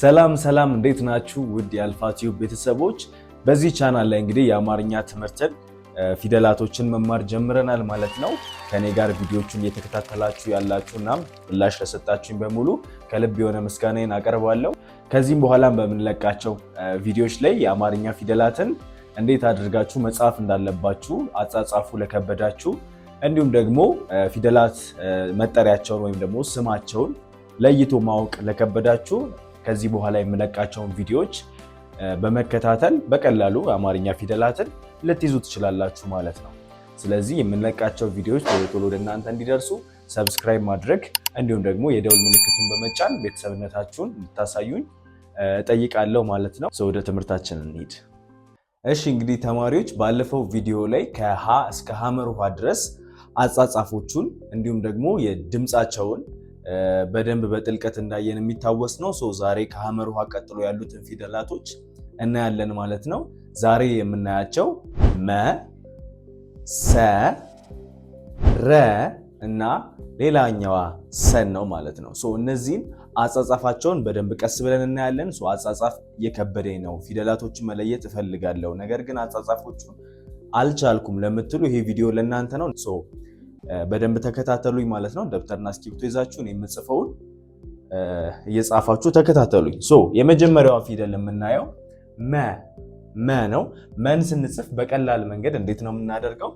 ሰላም ሰላም፣ እንዴት ናችሁ ውድ የአልፋ ቲዩብ ቤተሰቦች? በዚህ ቻናል ላይ እንግዲህ የአማርኛ ትምህርትን ፊደላቶችን መማር ጀምረናል ማለት ነው። ከኔ ጋር ቪዲዮቹን እየተከታተላችሁ ያላችሁ እናም ምላሽ ለሰጣችሁኝ በሙሉ ከልብ የሆነ ምስጋናዬን አቀርባለሁ። ከዚህም በኋላም በምንለቃቸው ቪዲዮዎች ላይ የአማርኛ ፊደላትን እንዴት አድርጋችሁ መጻፍ እንዳለባችሁ፣ አጻጻፉ ለከበዳችሁ እንዲሁም ደግሞ ፊደላት መጠሪያቸውን ወይም ደግሞ ስማቸውን ለይቶ ማወቅ ለከበዳችሁ ከዚህ በኋላ የምለቃቸውን ቪዲዮዎች በመከታተል በቀላሉ አማርኛ ፊደላትን ልትይዙ ትችላላችሁ ማለት ነው። ስለዚህ የምንለቃቸው ቪዲዮዎች ቶሎ ቶሎ ወደ እናንተ እንዲደርሱ ሰብስክራይብ ማድረግ እንዲሁም ደግሞ የደውል ምልክቱን በመጫን ቤተሰብነታችሁን እንድታሳዩኝ እጠይቃለሁ ማለት ነው። ወደ ትምህርታችን እንሂድ። እሺ እንግዲህ ተማሪዎች ባለፈው ቪዲዮ ላይ ከሀ እስከ ሀመር ውሃ ድረስ አጻጻፎቹን እንዲሁም ደግሞ የድምፃቸውን በደንብ በጥልቀት እንዳየን የሚታወስ ነው። ዛሬ ከሐመር ውሃ ቀጥሎ ያሉትን ፊደላቶች እናያለን ማለት ነው። ዛሬ የምናያቸው መ፣ ሰ፣ ረ እና ሌላኛዋ ሰን ነው ማለት ነው። እነዚህም አጻጻፋቸውን በደንብ ቀስ ብለን እናያለን። አጻጻፍ እየከበደኝ ነው፣ ፊደላቶችን መለየት እፈልጋለሁ፣ ነገር ግን አጻጻፎቹን አልቻልኩም ለምትሉ ይሄ ቪዲዮ ለእናንተ ነው። በደንብ ተከታተሉኝ ማለት ነው። ደብተርና እስክሪብቶ ይዛችሁ እኔ የምጽፈውን እየጻፋችሁ ተከታተሉኝ። ሶ የመጀመሪያዋ ፊደል የምናየው መ መ ነው። መን ስንጽፍ በቀላል መንገድ እንዴት ነው የምናደርገው?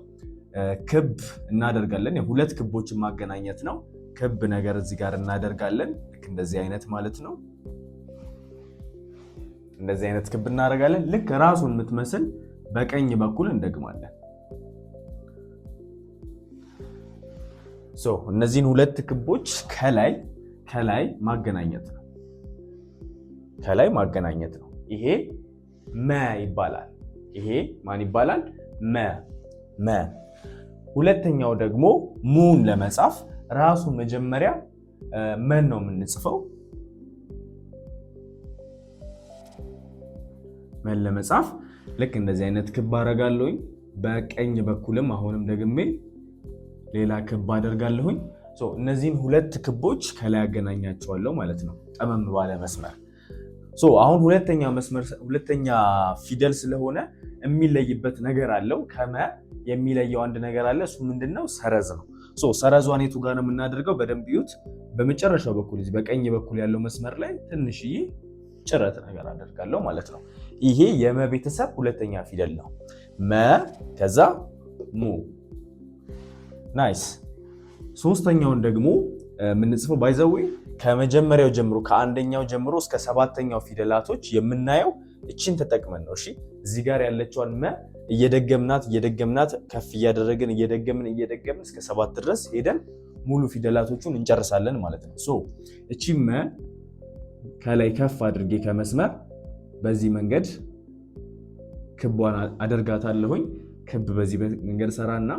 ክብ እናደርጋለን። የሁለት ክቦችን ማገናኘት ነው። ክብ ነገር እዚህ ጋር እናደርጋለን። ልክ እንደዚህ አይነት ማለት ነው። እንደዚህ አይነት ክብ እናደርጋለን። ልክ ራሱን የምትመስል በቀኝ በኩል እንደግማለን። እነዚህን ሁለት ክቦች ከላይ ከላይ ማገናኘት ነው። ከላይ ማገናኘት ነው። ይሄ መ ይባላል። ይሄ ማን ይባላል? መ መ። ሁለተኛው ደግሞ ሙን ለመጻፍ ራሱ መጀመሪያ መን ነው የምንጽፈው። መን ለመጻፍ ልክ እንደዚህ አይነት ክብ አረጋለሁኝ። በቀኝ በኩልም አሁንም ደግሜ ሌላ ክብ አደርጋለሁኝ። እነዚህን ሁለት ክቦች ከላይ ያገናኛቸዋለሁ ማለት ነው፣ ጠመም ባለ መስመር። አሁን ሁለተኛ ፊደል ስለሆነ የሚለይበት ነገር አለው። ከመ የሚለየው አንድ ነገር አለ። እሱ ምንድነው? ሰረዝ ነው። ሰረዟን የቱ ጋር ነው የምናደርገው? በደንብ እዩት። በመጨረሻው በኩል እዚህ በቀኝ በኩል ያለው መስመር ላይ ትንሽዬ ጭረት ነገር አደርጋለሁ ማለት ነው። ይሄ የመ ቤተሰብ ሁለተኛ ፊደል ነው። መ ከዛ ሙ ናይስ። ሶስተኛውን ደግሞ የምንጽፈው ባይዘዌ ከመጀመሪያው ጀምሮ ከአንደኛው ጀምሮ እስከ ሰባተኛው ፊደላቶች የምናየው እችን ተጠቅመን ነው። እሺ እዚህ ጋር ያለችዋን መ እየደገምናት እየደገምናት ከፍ እያደረግን እየደገምን እየደገምን እስከ ሰባት ድረስ ሄደን ሙሉ ፊደላቶቹን እንጨርሳለን ማለት ነው። ሶ እቺ መ ከላይ ከፍ አድርጌ ከመስመር በዚህ መንገድ ክቧን አደርጋታለሁኝ። ክብ በዚህ መንገድ ሰራና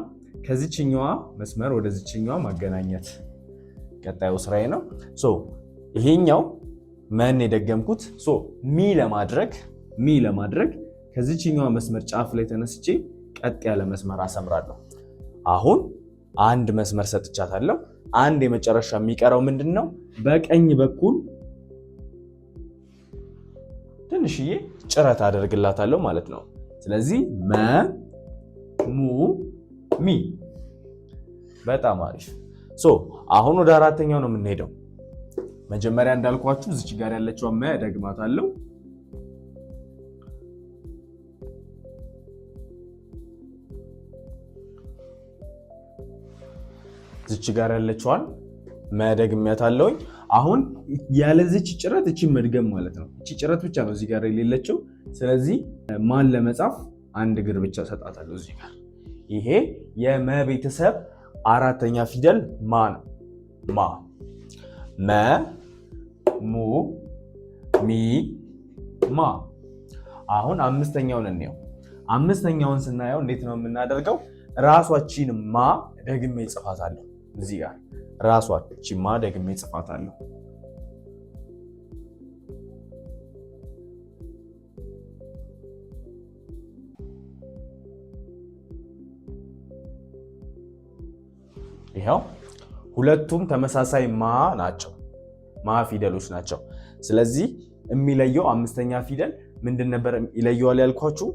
ከዚችኛዋ መስመር ወደ ዚችኛዋ ማገናኘት ቀጣዩ ስራዬ ነው። ይሄኛው መን የደገምኩት ሚ ለማድረግ ሚ ለማድረግ ከዚችኛዋ መስመር ጫፍ ላይ ተነስቼ ቀጥ ያለ መስመር አሰምራለሁ። አሁን አንድ መስመር ሰጥቻታለሁ። አንድ የመጨረሻ የሚቀረው ምንድን ነው? በቀኝ በኩል ትንሽዬ ጭረት አደርግላታለሁ ማለት ነው። ስለዚህ መ፣ ሙ ሚ። በጣም አሪፍ። ሶ አሁን ወደ አራተኛው ነው የምንሄደው። መጀመሪያ እንዳልኳችሁ እዚች ጋር ያለችው መ ደግማታለሁ። እዚች ጋር ያለችዋን መደግሚያታለሁኝ። አሁን ያለዚች ጭረት እቺ መድገም ማለት ነው። እቺ ጭረት ብቻ ነው እዚህ ጋር የሌለችው። ስለዚህ ማን ለመጻፍ አንድ እግር ብቻ ሰጣታለሁ እዚህ ጋር ይሄ የመ ቤተሰብ አራተኛ ፊደል ማ ነው። ማ መ ሙ ሚ ማ። አሁን አምስተኛውን እንየው። አምስተኛውን ስናየው እንዴት ነው የምናደርገው? ራሷችን ማ ደግሜ ጽፋታለሁ። እዚህ ጋር ራሷችን ማ ደግሜ ጽፋታለሁ። ይኸው ሁለቱም ተመሳሳይ ማ ናቸው፣ ማ ፊደሎች ናቸው። ስለዚህ የሚለየው አምስተኛ ፊደል ምንድን ነበር ይለየዋል ያልኳችሁ?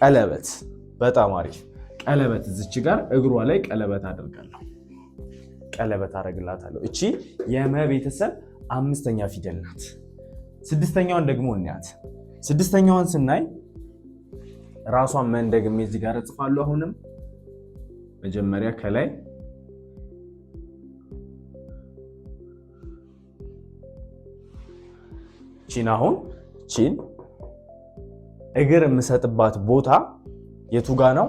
ቀለበት። በጣም አሪፍ ቀለበት። እዚች ጋር እግሯ ላይ ቀለበት አደርጋለሁ፣ ቀለበት አደርግላታለሁ። እቺ የመ ቤተሰብ አምስተኛ ፊደል ናት። ስድስተኛዋን ደግሞ እናያት። ስድስተኛዋን ስናይ ራሷን መን እዚህ ጋር እጽፋለሁ። አሁንም መጀመሪያ ከላይ እቺን አሁን እቺን እግር የምሰጥባት ቦታ የቱጋ ነው?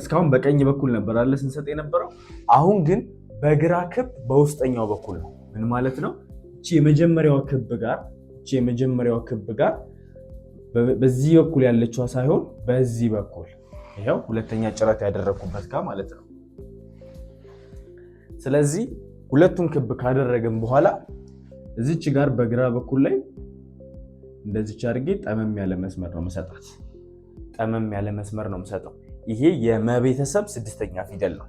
እስካሁን በቀኝ በኩል ነበር አለ ስንሰጥ የነበረው። አሁን ግን በግራ ክብ በውስጠኛው በኩል ነው። ምን ማለት ነው? እቺ የመጀመሪያዋ ክብ ጋር እቺ የመጀመሪያው ክብ ጋር በዚህ በኩል ያለችዋ ሳይሆን በዚህ በኩል ይኸው ሁለተኛ ጭረት ያደረግኩበት ጋር ማለት ነው። ስለዚህ ሁለቱን ክብ ካደረግን በኋላ እዚች ጋር በግራ በኩል ላይ እንደዚች አድርጌ ጠመም ያለ መስመር ነው የምሰጣት። ጠመም ያለ መስመር ነው የምሰጠው። ይሄ የመቤተሰብ ስድስተኛ ፊደል ነው።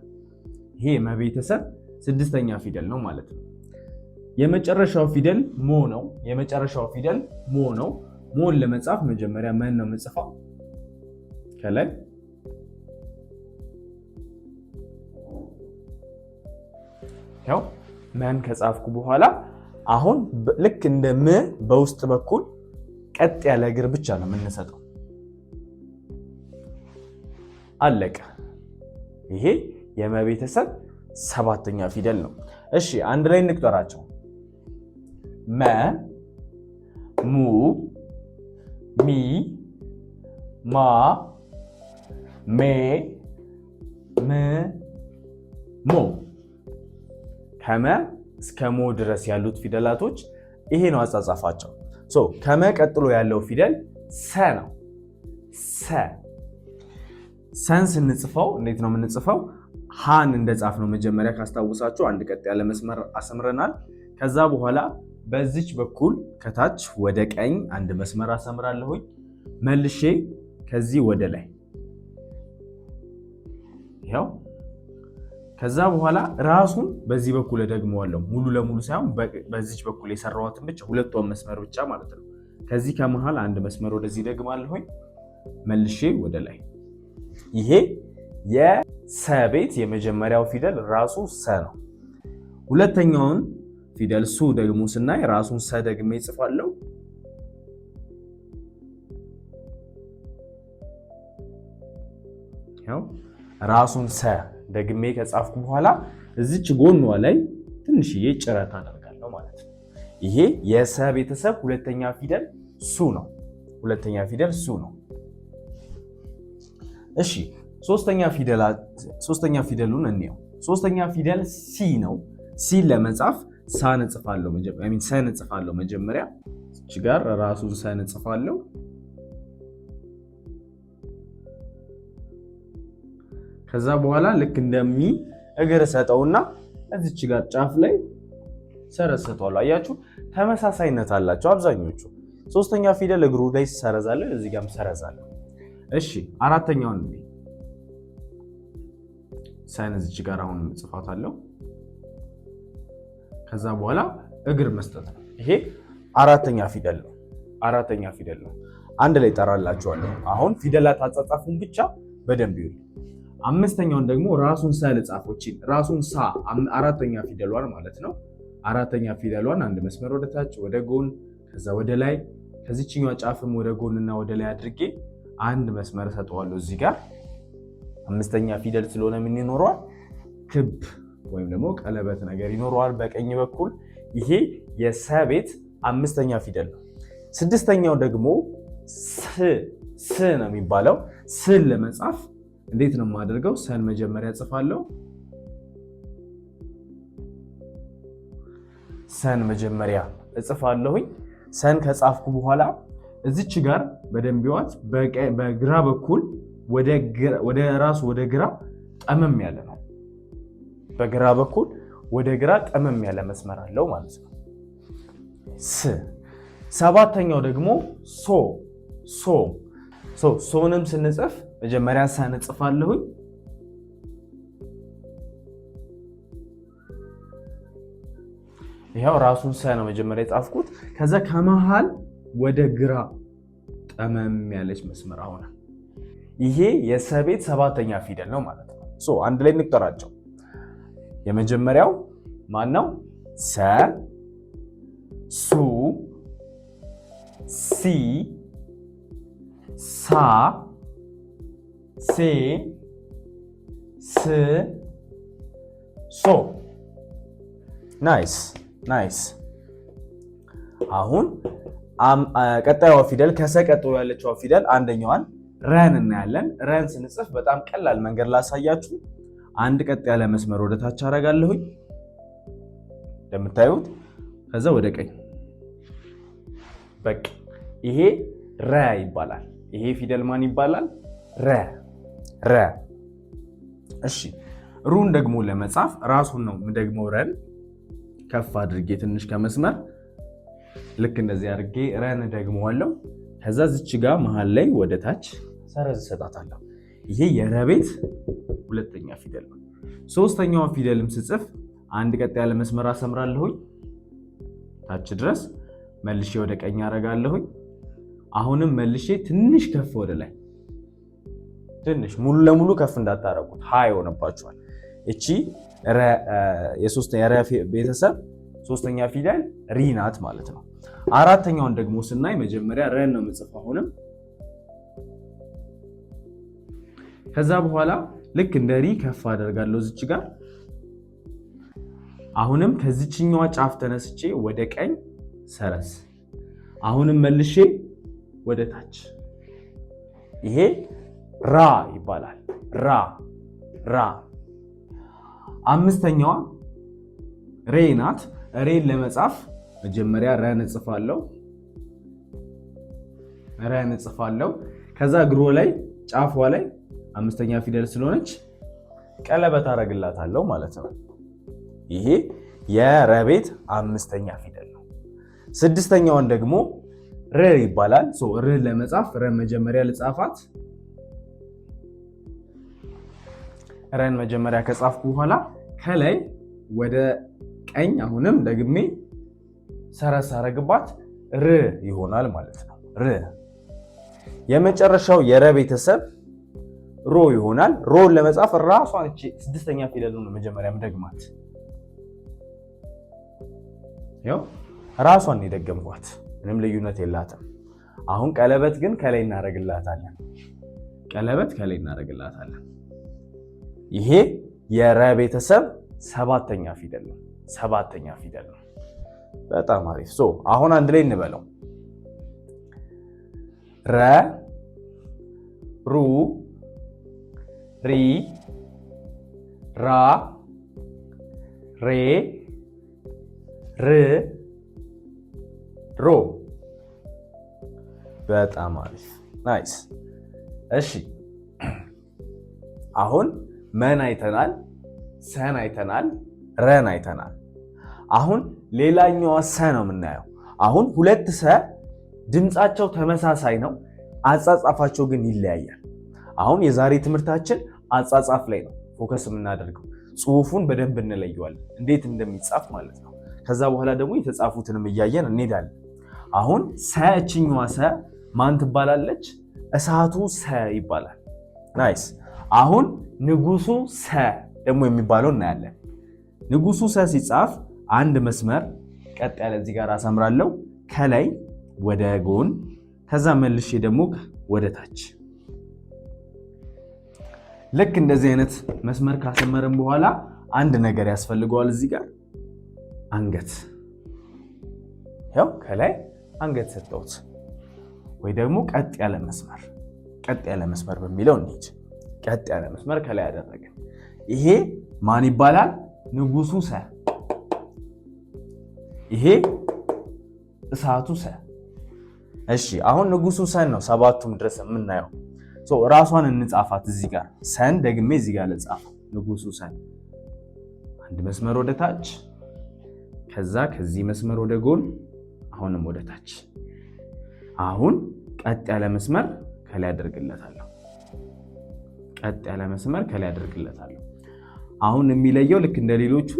ይሄ የመቤተሰብ ስድስተኛ ፊደል ነው ማለት ነው። የመጨረሻው ፊደል ሞ ነው። የመጨረሻው ፊደል ሞ ነው። ሞን ለመጻፍ መጀመሪያ ምን ነው የምጽፈው? ከላይ ያው መን ከጻፍኩ በኋላ አሁን ልክ እንደ ም በውስጥ በኩል ቀጥ ያለ እግር ብቻ ነው የምንሰጠው። አለቀ። ይሄ የመቤተሰብ ሰባተኛ ፊደል ነው። እሺ አንድ ላይ እንቁጠራቸው። መ፣ ሙ፣ ሚ፣ ማ፣ ሜ፣ ም፣ ሞ። ከመ እስከ ሞ ድረስ ያሉት ፊደላቶች ይሄ ነው አጻጻፋቸው። ከመ ቀጥሎ ያለው ፊደል ሰ ነው። ሰ ሰን ስንጽፈው እንዴት ነው የምንጽፈው? ሃን እንደጻፍ ነው መጀመሪያ ካስታውሳችሁ አንድ ቀጥ ያለ መስመር አሰምረናል። ከዛ በኋላ በዚች በኩል ከታች ወደ ቀኝ አንድ መስመር አሰምራለሁኝ። መልሼ ከዚህ ወደ ላይ ይኸው ከዛ በኋላ ራሱን በዚህ በኩል እደግመዋለሁ። ሙሉ ለሙሉ ሳይሆን በዚች በኩል የሰራዋትን ብቻ ሁለቷን መስመር ብቻ ማለት ነው። ከዚህ ከመሃል አንድ መስመር ወደዚህ ደግማለሁኝ፣ መልሼ ወደ ላይ። ይሄ የሰ ቤት የመጀመሪያው ፊደል ራሱ ሰ ነው። ሁለተኛውን ፊደል ሱ ደግሞ ስናይ ራሱን ሰ ደግሜ ይጽፋለሁ። ራሱን ሰ ደግሜ ከጻፍኩ በኋላ እዚች ጎኗ ላይ ትንሽዬ ጭረት አደርጋለሁ ማለት ነው። ይሄ የሰ ቤተሰብ ሁለተኛ ፊደል ሱ ነው። ሁለተኛ ፊደል ሱ ነው። እሺ ሶስተኛ ፊደሉን እንየው። ሶስተኛ ፊደል ሲ ነው። ሲን ለመጻፍ ሳን እጽፋለሁ መጀመሪያ ሰን እጽፋለሁ መጀመሪያ እች ጋር ራሱን ሰን እጽፋለሁ ከዛ በኋላ ልክ እንደሚ እግር ሰጠውና እዚች ጋር ጫፍ ላይ ሰረዝ ሰጠዋለሁ። አያችሁ ተመሳሳይነት አላቸው አብዛኞቹ። ሶስተኛ ፊደል እግሩ ላይ ሰረዛለሁ፣ እዚህ ጋርም ሰረዛለሁ። እሺ አራተኛውን እንዴ ሳይን እዚች ጋር አሁን ጽፋታለሁ። ከዛ በኋላ እግር መስጠት ነው። ይሄ አራተኛ ፊደል ነው። አራተኛ ፊደል ነው። አንድ ላይ ጠራላችኋለሁ። አሁን ፊደላት አጻጻፉን ብቻ በደንብ ይሁን አምስተኛውን ደግሞ ራሱን ሰ ልጻፎችን ራሱን ሳ አራተኛ ፊደሏን ማለት ነው። አራተኛ ፊደሏን አንድ መስመር ወደ ታች ወደ ጎን ከዛ ወደ ላይ ከዚችኛው ጫፍም ወደ ጎንና ወደ ላይ አድርጌ አንድ መስመር ሰጠዋለሁ። እዚህ ጋር አምስተኛ ፊደል ስለሆነ ምን ይኖረዋል? ክብ ወይም ደግሞ ቀለበት ነገር ይኖረዋል በቀኝ በኩል። ይሄ የሰ ቤት አምስተኛ ፊደል ነው። ስድስተኛው ደግሞ ስ ስ ነው የሚባለው ስን ለመጻፍ እንዴት ነው የማደርገው? ሰን መጀመሪያ ጽፋለሁ። ሰን መጀመሪያ እጽፋለሁኝ። ሰን ከጻፍኩ በኋላ እዚች ጋር በደንብ ይዋት። በግራ በኩል ወደ ራሱ ወደ ግራ ጠመም ያለ ነው። በግራ በኩል ወደ ግራ ጠመም ያለ መስመር አለው ማለት ነው። ስ ሰባተኛው ደግሞ ሶ ሶ ሶንም ስንጽፍ መጀመሪያ ሰን እጽፋለሁኝ። ይኸው ራሱን ሰ ነው መጀመሪያ የጻፍኩት። ከዛ ከመሃል ወደ ግራ ጠመም ያለች መስመር አሁን ይሄ የሰ ቤት ሰባተኛ ፊደል ነው ማለት ነው። አንድ ላይ እንቁጠራቸው። የመጀመሪያው ማን ነው? ሰ፣ ሱ፣ ሲ፣ ሳ ሴ ስ ሶ። ናይስ ናይስ። አሁን ቀጣዩዋ ፊደል ከሰ ቀጥሎ ያለችዋ ፊደል አንደኛዋን ረን እናያለን። ረን ስንጽፍ በጣም ቀላል መንገድ ላሳያችሁ። አንድ ቀጥ ያለ መስመር ወደ ታች አደርጋለሁኝ እንደምታዩት፣ ከዛ ወደ ቀኝ በቅ። ይሄ ረ ይባላል። ይሄ ፊደል ማን ይባላል? ረ ረ። እሺ ሩን ደግሞ ለመጻፍ ራሱን ነው ደግሞ ረን ከፍ አድርጌ ትንሽ ከመስመር ልክ እንደዚህ አድርጌ ረን ደግመዋለሁ። ከዛ ዝች ጋር መሀል ላይ ወደ ታች ሰረዝ እሰጣታለሁ። ይሄ የረ ቤት ሁለተኛ ፊደል ነው። ሶስተኛዋ ፊደልም ስጽፍ አንድ ቀጥ ያለ መስመር አሰምራለሁኝ ታች ድረስ መልሼ ወደ ቀኝ አረጋለሁኝ። አሁንም መልሼ ትንሽ ከፍ ወደ ላይ ትንሽ ሙሉ ለሙሉ ከፍ እንዳታረጉት ሀ ይሆንባችኋል። እቺ የሶስተኛ ቤተሰብ ሶስተኛ ፊደል ሪ ናት ማለት ነው። አራተኛውን ደግሞ ስናይ መጀመሪያ ረን ነው የምጽፍ አሁንም። ከዛ በኋላ ልክ እንደ ሪ ከፍ አደርጋለሁ ዝች ጋር። አሁንም ከዚችኛዋ ጫፍ ተነስቼ ወደ ቀኝ ሰረዝ፣ አሁንም መልሼ ወደ ታች ይሄ ራ ይባላል። ራ ራ። አምስተኛዋ ሬ ናት። ሬን ለመጻፍ መጀመሪያ ረን እጽፋለሁ፣ ረን እጽፋለሁ። ከዛ እግሯ ላይ ጫፏ ላይ አምስተኛ ፊደል ስለሆነች ቀለበት አደርግላታለሁ ማለት ነው። ይሄ የረቤት አምስተኛ ፊደል ነው። ስድስተኛዋን ደግሞ ር ይባላል። ር ለመጻፍ ረ መጀመሪያ ልጻፋት ረን መጀመሪያ ከጻፍኩ በኋላ ከላይ ወደ ቀኝ አሁንም ደግሜ ሰረስ አረግባት ር ይሆናል ማለት ነው። ር የመጨረሻው የረ ቤተሰብ ሮ ይሆናል። ሮን ለመጻፍ ራሷን እቺ ስድስተኛ ፊደል ነው መጀመሪያ ደግማት ያው ራሷን የደገምኳት ምንም ልዩነት የላትም። አሁን ቀለበት ግን ከላይ እናደርግላታለን። ቀለበት ከላይ እናደርግላታለን። ይሄ የረ ቤተሰብ ሰባተኛ ፊደል ነው። ሰባተኛ ፊደል ነው። በጣም አሪፍ። ሶ አሁን አንድ ላይ እንበለው ረ ሩ ሪ ራ ሬ ር ሮ። በጣም አሪፍ ናይስ። እሺ አሁን መን አይተናል፣ ሰን አይተናል፣ ረን አይተናል። አሁን ሌላኛዋ ሰ ነው የምናየው። አሁን ሁለት ሰ ድምፃቸው ተመሳሳይ ነው፣ አጻጻፋቸው ግን ይለያያል። አሁን የዛሬ ትምህርታችን አጻጻፍ ላይ ነው ፎከስ የምናደርገው። ጽሁፉን በደንብ እንለየዋለን፣ እንዴት እንደሚጻፍ ማለት ነው። ከዛ በኋላ ደግሞ የተጻፉትንም እያየን እንሄዳለን። አሁን ሰ እችኛዋ ሰ ማን ትባላለች? እሳቱ ሰ ይባላል። ናይስ አሁን ንጉሱ ሰ ደግሞ የሚባለው እናያለን። ንጉሱ ሰ ሲጻፍ አንድ መስመር ቀጥ ያለ እዚህ ጋር አሰምራለሁ ከላይ ወደ ጎን ከዛ መልሼ ደግሞ ወደ ታች። ልክ እንደዚህ አይነት መስመር ካሰመርን በኋላ አንድ ነገር ያስፈልገዋል። እዚህ ጋር አንገት፣ ያው ከላይ አንገት ሰጠሁት ወይ ደግሞ ቀጥ ያለ መስመር ቀጥ ያለ መስመር በሚለው እንሂድ። ቀጥ ያለ መስመር ከላይ ያደረገ ይሄ ማን ይባላል? ንጉሱ ሰ። ይሄ እሳቱ ሰ። እሺ አሁን ንጉሱ ሰን ነው ሰባቱም ድረስ የምናየው። ራሷን እንጻፋት እዚህ ጋር ሰን ደግሜ እዚህ ጋር ልጻፍ። ንጉሱ ሰን አንድ መስመር ወደ ታች፣ ከዛ ከዚህ መስመር ወደ ጎን፣ አሁንም ወደ ታች። አሁን ቀጥ ያለ መስመር ከላይ ያደርግለታል። ቀጥ ያለ መስመር ከላይ አደርግለታለሁ። አሁን የሚለየው ልክ እንደ ሌሎቹ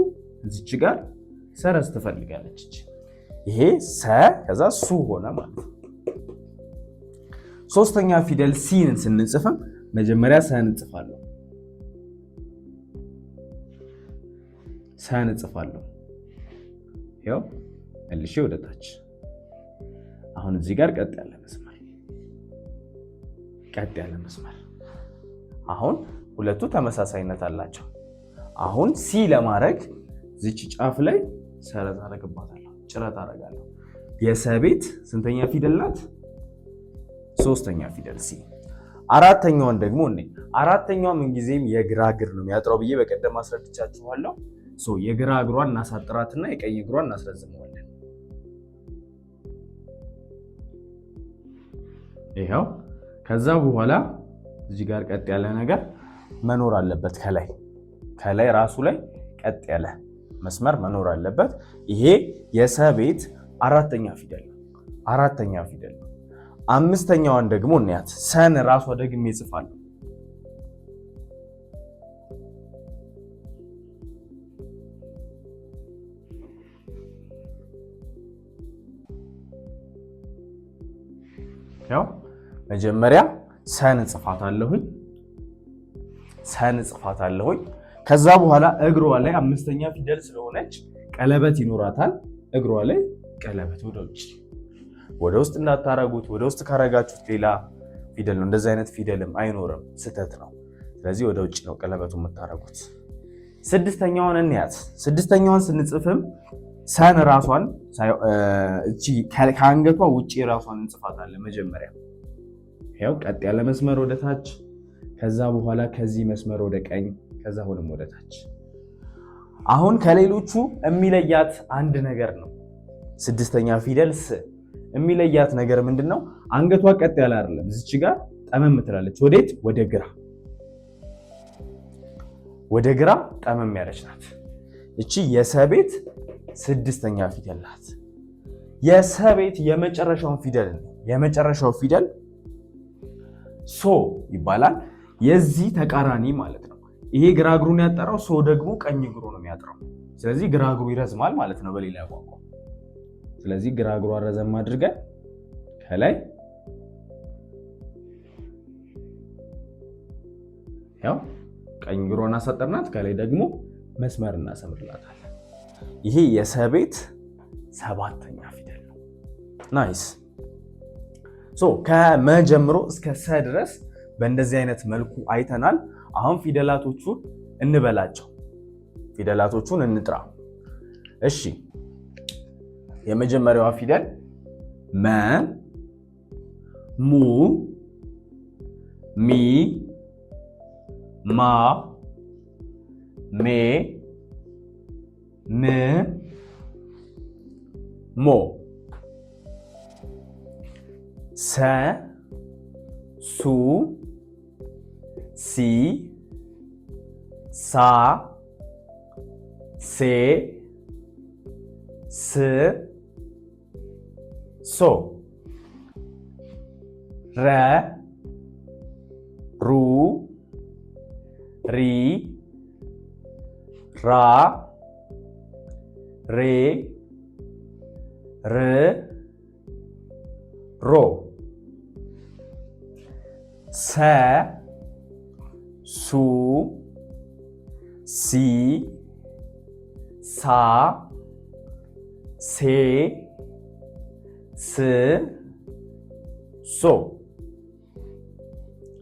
እዚች ጋር ሰረዝ ትፈልጋለች። ይሄ ሰ ከዛ ሱ ሆነ ማለት ነው። ሶስተኛ ፊደል ሲን ስንጽፍም መጀመሪያ ሰ እንጽፋለሁ ሰ እንጽፋለሁ። ያው መልሼ ወደ ታች። አሁን እዚህ ጋር ቀጥ ያለ መስመር ቀጥ ያለ መስመር አሁን ሁለቱ ተመሳሳይነት አላቸው። አሁን ሲ ለማድረግ ዝች ጫፍ ላይ ሰረዝ አደርግባታለሁ፣ ጭረት አደርጋለሁ። የሰቤት ስንተኛ ፊደል ናት? ሶስተኛ ፊደል ሲ። አራተኛዋን ደግሞ እኔ አራተኛዋ ምንጊዜም የግራ እግር ነው የሚያጥረው ብዬ በቀደም አስረድቻችኋለሁ። የግራ እግሯን እናሳጥራትና የቀኝ እግሯን እናስረዝመዋለን። ይኸው ከዛ በኋላ እዚህ ጋር ቀጥ ያለ ነገር መኖር አለበት። ከላይ ከላይ ራሱ ላይ ቀጥ ያለ መስመር መኖር አለበት። ይሄ የሰ ቤት አራተኛ ፊደል አራተኛ ፊደል። አምስተኛዋን ደግሞ እናያት። ሰን ራሷ ደግሜ ይጽፋል። ያው መጀመሪያ ሰን ጽፋት አለሁኝ ሰን ጽፋት አለሁኝ። ከዛ በኋላ እግሯ ላይ አምስተኛ ፊደል ስለሆነች ቀለበት ይኖራታል። እግሯ ላይ ቀለበት ወደ ውጭ ወደ ውስጥ እንዳታረጉት። ወደ ውስጥ ካረጋችሁት ሌላ ፊደል ነው። እንደዚህ አይነት ፊደልም አይኖርም፣ ስህተት ነው። ስለዚህ ወደ ውጭ ነው ቀለበቱ የምታረጉት። ስድስተኛውን እንያት። ስድስተኛውን ስንጽፍም ሰን ራሷን ከአንገቷ ውጭ ራሷን እንጽፋታለን መጀመሪያ ያው ቀጥ ያለ መስመር ወደ ታች፣ ከዛ በኋላ ከዚህ መስመር ወደ ቀኝ፣ ከዛ ሆነም ወደ ታች። አሁን ከሌሎቹ የሚለያት አንድ ነገር ነው። ስድስተኛ ፊደል ስ የሚለያት ነገር ምንድን ነው? አንገቷ ቀጥ ያለ አይደለም። እዚች ጋር ጠመም ትላለች። ወዴት? ወደ ግራ፣ ወደ ግራ ጠመም ያለች ናት። እቺ የሰቤት ስድስተኛ ፊደል ናት። የሰቤት የመጨረሻውን ፊደል ነው የመጨረሻው ፊደል ሶ ይባላል። የዚህ ተቃራኒ ማለት ነው። ይሄ ግራ እግሩን ያጠራው ሶ ደግሞ ቀኝ እግሩ ነው የሚያጥረው። ስለዚህ ግራ እግሩ ይረዝማል ማለት ነው በሌላ ቋንቋ። ስለዚህ ግራ እግሩ ረዘም አድርገን ከላይ ያው ቀኝ እግሯን እናሳጠርናት፣ ከላይ ደግሞ መስመር እናሰምርላታል። ይሄ የሰቤት ሰባተኛ ፊደል ነው። ናይስ ከመ ጀምሮ እስከ ሰ ድረስ በእንደዚህ አይነት መልኩ አይተናል። አሁን ፊደላቶቹን እንበላቸው፣ ፊደላቶቹን እንጥራ። እሺ የመጀመሪያዋ ፊደል መ፣ ሙ፣ ሚ፣ ማ፣ ሜ፣ ም፣ ሞ ሰ ሱ ሲ ሳ ሴ ስ ሶ ረ ሩ ሪ ራ ሬ ር ሮ ሰ ሱ ሲ ሳ ሴ ስ ሶ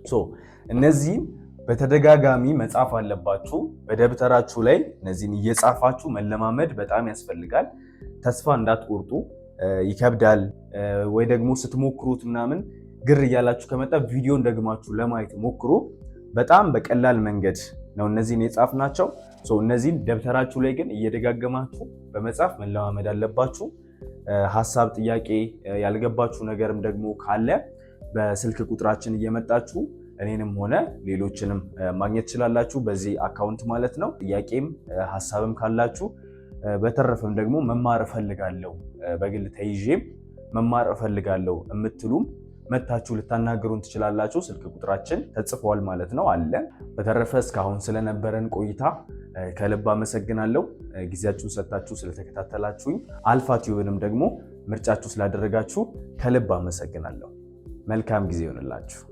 ሶ እነዚህን በተደጋጋሚ መጻፍ አለባችሁ። በደብተራችሁ ላይ እነዚህን እየጻፋችሁ መለማመድ በጣም ያስፈልጋል። ተስፋ እንዳትቆርጡ። ይከብዳል ወይ ደግሞ ስትሞክሩት ምናምን ግር እያላችሁ ከመጣ ቪዲዮን ደግማችሁ ለማየት ሞክሩ። በጣም በቀላል መንገድ ነው እነዚህን የጻፍናቸው። እነዚህን ደብተራችሁ ላይ ግን እየደጋገማችሁ በመጻፍ መለማመድ አለባችሁ። ሀሳብ፣ ጥያቄ፣ ያልገባችሁ ነገርም ደግሞ ካለ በስልክ ቁጥራችን እየመጣችሁ እኔንም ሆነ ሌሎችንም ማግኘት ትችላላችሁ፣ በዚህ አካውንት ማለት ነው። ጥያቄም ሀሳብም ካላችሁ በተረፈም ደግሞ መማር እፈልጋለሁ፣ በግል ተይዤም መማር እፈልጋለሁ የምትሉም መታችሁ ልታናገሩን ትችላላችሁ። ስልክ ቁጥራችን ተጽፏል ማለት ነው አለ። በተረፈ እስካሁን ስለነበረን ቆይታ ከልብ አመሰግናለሁ። ጊዜያችሁን ሰጥታችሁ ስለተከታተላችሁኝ፣ አልፋ ቲዩብንም ደግሞ ምርጫችሁ ስላደረጋችሁ ከልብ አመሰግናለሁ። መልካም ጊዜ ይሆንላችሁ።